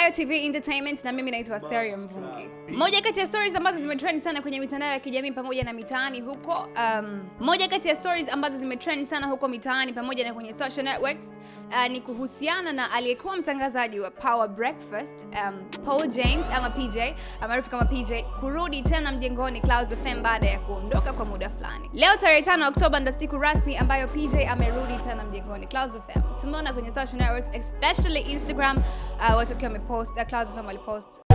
Ayo TV Entertainment na mimi naitwa Asterium vungi. Moja kati ya stories ambazo zimetrend sana kwenye mitandao ya kijamii pamoja na mitaani huko, um, moja kati ya stories ambazo zimetrend sana huko mitaani pamoja na kwenye social networks uh, ni kuhusiana na aliyekuwa mtangazaji wa Power Breakfast um, Paul James ama PJ maarufu kama PJ kurudi tena mjengoni Clouds FM baada ya kuondoka kwa muda fulani. Leo tarehe 5 Oktoba ndio siku rasmi ambayo PJ amerudi tena mjengoni Clouds FM. Tumeona kwenye social networks especially Instagram uh, watu wakiwa wamepost uh, Clouds FM walipost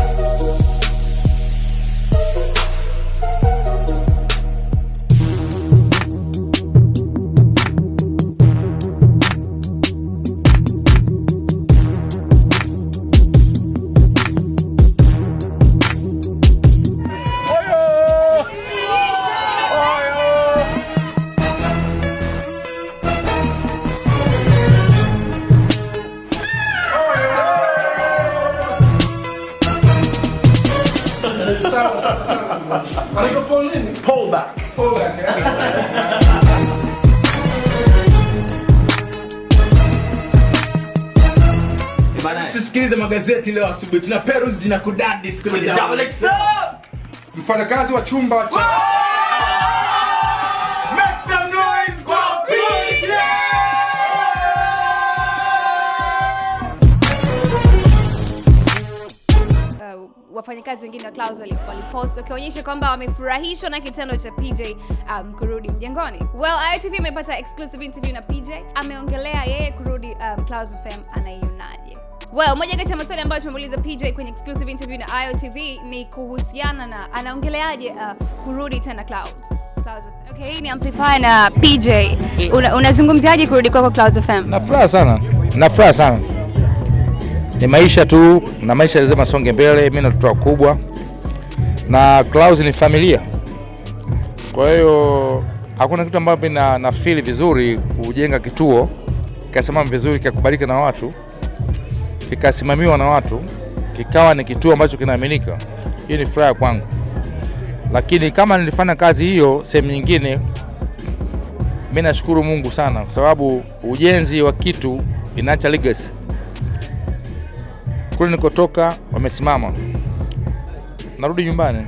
Pull back. Pull back. Pull back. Tusikilize magazeti leo asubuhi. Tuna Peru kudadi siku ya leo. Mfanyakazi wa chumba cha wafanyakazi wengine wa Clouds walipost wakionyesha kwamba wamefurahishwa na kitendo cha PJ um, kurudi mjengoni. Well, ITV imepata exclusive interview na PJ, ameongelea yeye kurudi um, Clouds FM anaionaje. Well, moja kati ya maswali ambayo tumemuuliza PJ kwenye exclusive interview na IOTV ni kuhusiana na anaongeleaje uh, kurudi tena Clouds. Okay, hii ni Amplify na PJ. Unazungumziaje una kurudi kwako Clouds FM? Nafurahi sana. Nafurahi sana ni maisha tu, na maisha lazima songe mbele. Mimi na watoto wakubwa na Klaus ni familia, kwa hiyo hakuna kitu ambacho na nafsiri vizuri kujenga kituo kikasimama vizuri kikakubalika na watu kikasimamiwa na watu kikawa ni kituo ambacho kinaaminika. Hii ni furaha kwangu, lakini kama nilifanya kazi hiyo sehemu nyingine, mimi nashukuru Mungu sana, kwa sababu ujenzi wa kitu inaacha legacy kule nikotoka wamesimama, narudi nyumbani.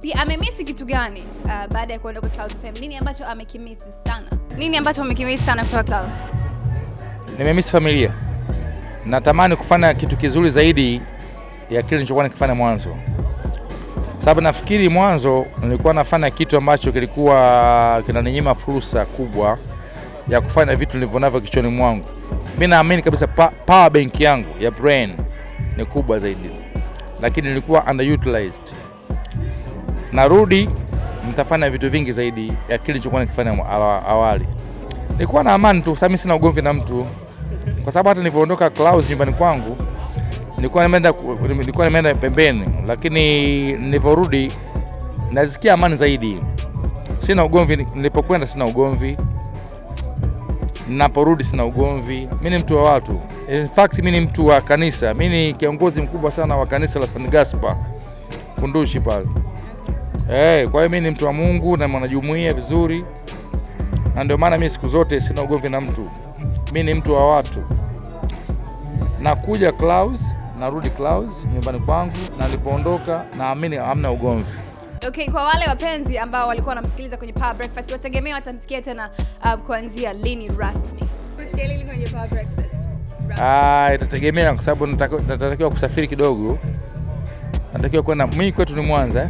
Si amemisi kitu gani uh, baada ya kuondoka Clouds FM? Nini ambacho amekimisi sana? Nini ambacho amekimisi sana kutoka Clouds? Nimemisi familia. Natamani kufanya kitu kizuri zaidi ya kile nilichokuwa nikifanya mwanzo, sababu nafikiri mwanzo nilikuwa nafanya kitu ambacho kilikuwa kinaninyima fursa kubwa ya kufanya vitu nilivyonavyo kichwani mwangu. Mimi naamini kabisa pa, power bank yangu ya brain ni kubwa zaidi, lakini nilikuwa underutilized. Narudi nitafanya vitu vingi zaidi ya kile nilichokuwa nikifanya awali. Nilikuwa na amani tu, sasa sina ugomvi na mtu, kwa sababu hata nilivyoondoka Clouds nyumbani kwangu nilikuwa nimeenda nilikuwa nimeenda pembeni, lakini niliporudi nasikia amani zaidi. Sina ugomvi nilipokwenda, sina ugomvi Naporudi sina ugomvi, mi ni mtu wa watu. In fact mi ni mtu wa kanisa, mi ni kiongozi mkubwa sana wa kanisa la San Gaspar Kunduchi pale. Hey, eh, kwa hiyo mi ni mtu wa Mungu na mwanajumuia vizuri, na ndio maana mi siku zote sina ugomvi na mtu. Mi ni mtu wa watu, nakuja Clouds, narudi Clouds nyumbani kwangu, na nilipoondoka naamini hamna ugomvi. Okay, kwa wale wapenzi ambao walikuwa wanamsikiliza kwenye Power Breakfast, wategemea watamsikia tena uh, kuanzia lini rasmi? lini kwenye Power Breakfast? Ah, itategemea kwa sababu natakiwa kusafiri kidogo. Natakiwa kwenda, mimi kwetu ni Mwanza. Eh.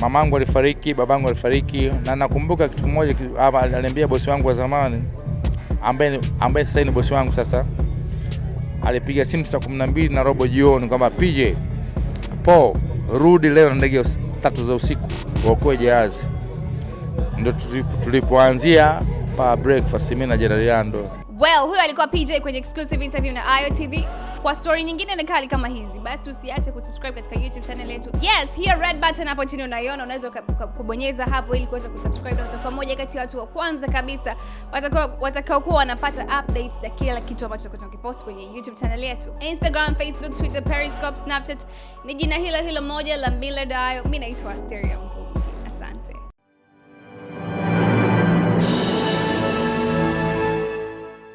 Mamangu alifariki, babangu alifariki, na nakumbuka kitu kimoja aliambia bosi wangu wa zamani ambaye ambaye sasa ni bosi wangu sasa. Alipiga simu saa 12 na robo jioni kwamba PJ, po rudi leo na ndege tatu za usiku waokoe jahazi, ndio tulipoanzia pa breakfast, mimi na Gerald Well, huyo alikuwa PJ kwenye exclusive interview na iotv kwa stori nyingine na kali kama hizi, basi usiache kusubscribe katika YouTube channel yetu. Yes, hiyo red button hapo chini unaiona, unaweza kubonyeza hapo ili kuweza kusubscribe, na utakuwa moja kati ya watu wa kwanza kabisa watakao watakaokuwa wanapata updates za kila kitu ambacho tunakipost kwenye YouTube channel yetu. Instagram, Facebook, Twitter, Periscope, Snapchat ni jina hilo hilo moja la Millard Ayo. Mimi naitwa Asteria.